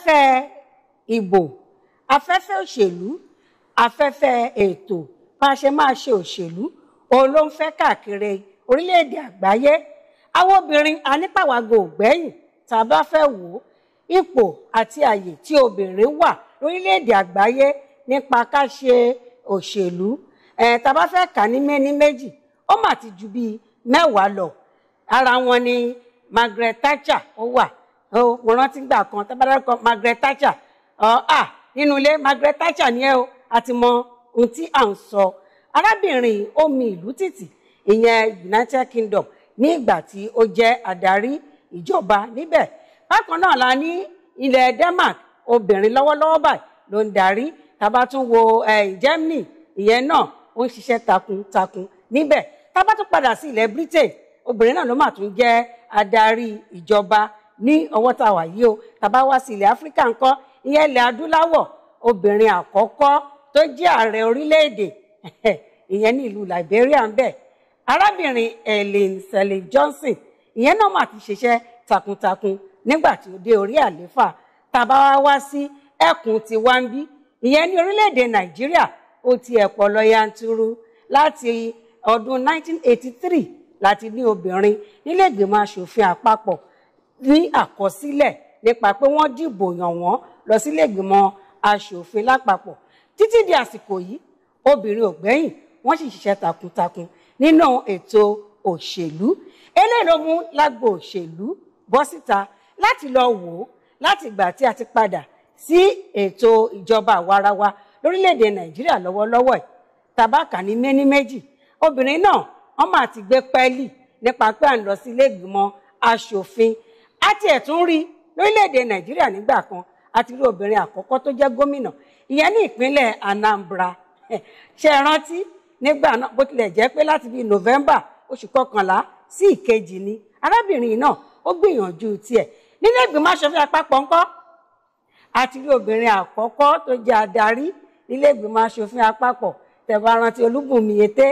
afẹ́fẹ́ ìbò afẹ́fẹ́ òṣèlú afẹ́fẹ́ ètò bá a ṣe máa ṣe òṣèlú òun ló ń fẹ́ káàkiri orílẹ̀-èdè àgbáyé àwọn obìnrin anípàwàgò ògbẹ́yìn tá a bá fẹ́ wò ó ipò àti àyè tí obìnrin wà lórílẹ̀-èdè àgbáyé nípa ká ṣe òṣèlú ẹ̀ tá a bá fẹ́ kà ní méní méjì ó mà ti ju bíi mẹ́wàá lọ ara wọn ni Margaret Thatcher ó wà mo rántí gbà kan tó bá dárúkọ Margaret Thatcher ah nínú ilé Margaret Thatcher ni ẹ o àti mọ ohun tí à ń sọ arábìnrin omi ìlú títì ìyẹn United Kingdom ní ìgbà tí ó jẹ́ adarí ìjọba níbẹ̀ bákan náà la ní ilẹ̀ Denmark obìnrin lọ́wọ́lọ́wọ́ báyìí ló ń darí tábà tún wo Germany ìyẹn náà ó ń ṣiṣẹ́ takuntakun níbẹ̀ tábà tún padà sí ilẹ̀ Britain obìnrin náà ló mà tún jẹ́ adarí ìjọba ní ọwọ́ tá a wà yìí o tàbá wá sí ilẹ̀ áfíríkà ńkọ́ ìyẹn ilẹ̀ adúláwọ̀ obìnrin àkọ́kọ́ tó jẹ́ ààrẹ orílẹ̀-èdè ìyẹn ní ìlú liberia ń bẹ arábìnrin ellen selig johnson ìyẹn náà mà ti ṣiṣẹ́ takuntakun nígbà tí ó dé orí àléfà tàbá wá wá sí ẹkùn ti wá ń bí ìyẹn ní orílẹ̀-èdè nàìjíríà ó ti ẹ̀pọ̀ lọ yanturu láti ọdún 1983 láti ní obìnrin nílé ìgbìmọ̀ asòfin àpapọ̀ ní àkọsílẹ̀ nípa pé wọ́n dìbò yàn wọ́n lọ sílé ìgbìmọ̀ aṣòfin lápapọ̀ títí di àsìkò yìí obìnrin ò gbẹ́yìn wọ́n sì ṣiṣẹ́ takuntakun nínú ètò òṣèlú eléyìí ló mú lágbo òṣèlú bọ́ síta láti lọ wò ó láti ìgbà tí a ti padà sí ètò ìjọba àwarawa lórílẹ̀‐èdè nàìjíríà lọ́wọ́lọ́wọ́ ẹ̀ tàbákà ní méní méjì obìnrin náà wọ́n máa ti gbé pẹ́ẹ́lì nípa pé à ń lọ sí ìgbìmọ̀ aṣòfin a tiẹ̀ tún rí lórílẹ̀‐èdè nàìjíríà nígbà kan àti rí obìnrin àkọ́kọ́ tó jẹ́ gómìnà ìyẹn ní ìpínlẹ̀ Anambra ṣe rántí nígbà náà bó tilẹ̀ jẹ́ pé láti bíi November oṣù kọkànlá sí ìkejì ni arábìnrin náà ó gbìyànjú tiẹ̀ nínú ìgbìmọ̀ aṣòfin àpapọ̀ ńkọ́ àti rí obìnrin àkọ́kọ́ tó jẹ́ adarí nílé ìgbìmọ̀ aṣòfin àpapọ̀ tẹ̀bá rántí Olúbùnmi Ètè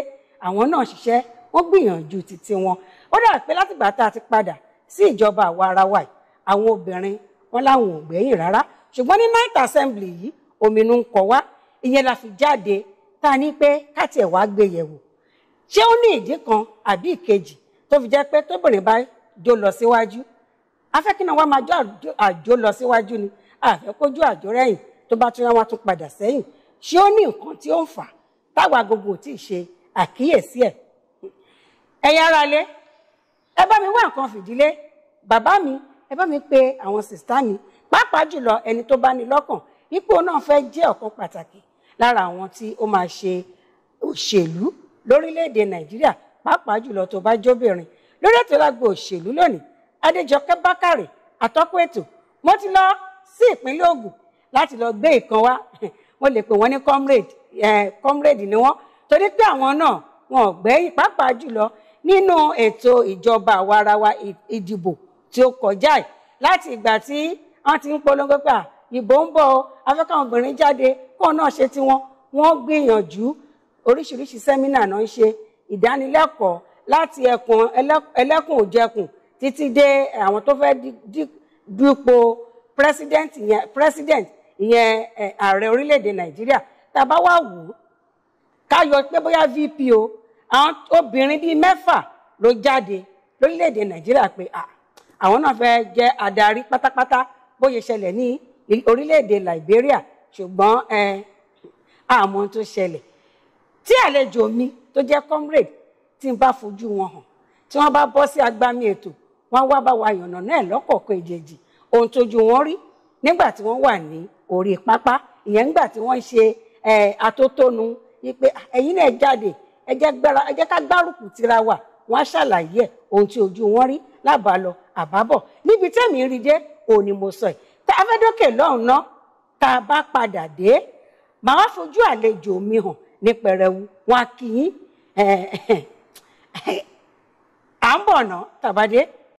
àwọn náà ṣiṣẹ́ wọ́n gbìyànjú títí wọn ó dà pé látìgbà tá a ti padà sí ìjọba àwa ara wa yìí àwọn obìnrin wọn láwọn ò gbẹ̀yìn rárá ṣùgbọ́n ní night assembly yìí òmìnú ń kọ wá ìyẹn la fi jáde tá a ní pé káàtì ẹ̀ wá gbé yẹ̀wò ṣé ó ní ìdí kan àbí ìkejì tó fi jẹ́ pé tóbìnrin bá jó lọ síwájú afẹ́kínà wa máa jó àjò lọ síwájú ni àfẹ́kójú àjò rẹ̀yìn tó bá tún yá wọn tún padà sẹ́yìn ṣé ó ní nǹkan tí ó ń fà táwa gbogbo ò tí ì ṣe àkíyèsí ẹ̀ ẹ̀yin aráalé ẹ bá mi wá nǹkan fìdílé bàbá mi ẹ bá mi pe àwọn sìstá mi pàápàá jùlọ ẹni tó bá ní lọ́kàn ipò náà fẹ́ jẹ́ ọ̀kan pàtàkì lára àwọn tí ó máa ṣe òṣèlú lórílẹ̀‐èdè nàìjíríà pàápàá jùlọ tó bá jóbìnrin lórí ètò lágbo òṣèlú lónìí adéjọkẹ́ bákàrè àtọ́kùn ètò mo ti lọ sí ìpínlẹ̀ ògùn láti lọ gbé ìkan wá mo lè pè wọ́n ní comrade eh, comrade ni wọ́n torí pé àwọn náà wọn ò gbẹ́yìn pàápàá jùlọ nínú ètò ìjọba àwarawa ìdìbò tí ó kọjá yìí láti ìgbà tí wọ́n ti ń polongo pé ìbò ń bọ̀ afẹ́kàn obìnrin jáde kóun náà ṣe tiwọn wọ́n gbìyànjú oríṣiríṣi sẹ́mínà náà ń ṣe ìdánilẹ́kọ̀ọ́ láti ẹkùn ẹlẹ́kùn òjẹkùn títí dé àwọn tó fẹ́ dupò president ìyẹn president ìyẹn ààrẹ orílẹ̀-èdè nàìjíríà tá a bá wà wò ó ká yọ pé bóyá vp o àwọn obìnrin bíi mẹ́fà ló jáde lórílẹ̀‐èdè nàìjíríà pé àwọn náà fẹ́ jẹ́ adarí pátápátá bóyá ṣẹlẹ̀ ní orílẹ̀‐èdè liberia ṣùgbọ́n àmọ́ tó ṣẹlẹ̀ tí àlejò mi tó jẹ́ comrade tí n bá fojú wọn hàn tí wọ́n bá bọ́ sí agbami ètò wọ́n wá bá wa yànnà náà lọ́kọ̀ọ̀kan ìjèjì ohun tójú wọn rí nígbà tí wọ́n wà ní orí pápá ìyẹn nígbà tí wọ́n ń ṣe àtótónu wípé ẹ̀yin náà jáde ẹ jẹ́ ká gbárùkù tira wa wọ́n á ṣàlàyé ẹ̀ ohun tí ojú wọn rí lábàlọ àbábọ̀ níbi tẹ́mi rí dé òní mo sọ ẹ̀ tá a fẹ́ dókè lọ́hùn ná tá a bá padà dé màá fojú àlejò mi hàn ní pẹrẹwu wọn kì í à ń bọ̀ ná tàbá dé.